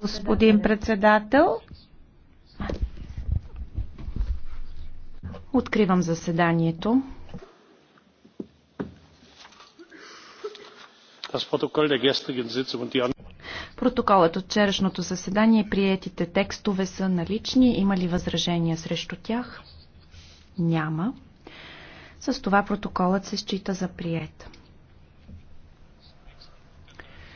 Господин председател, откривам заседанието. Протоколът от вчерашното заседание и приетите текстове са налични. Има ли възражения срещу тях? Няма. С това протоколът се счита за прият.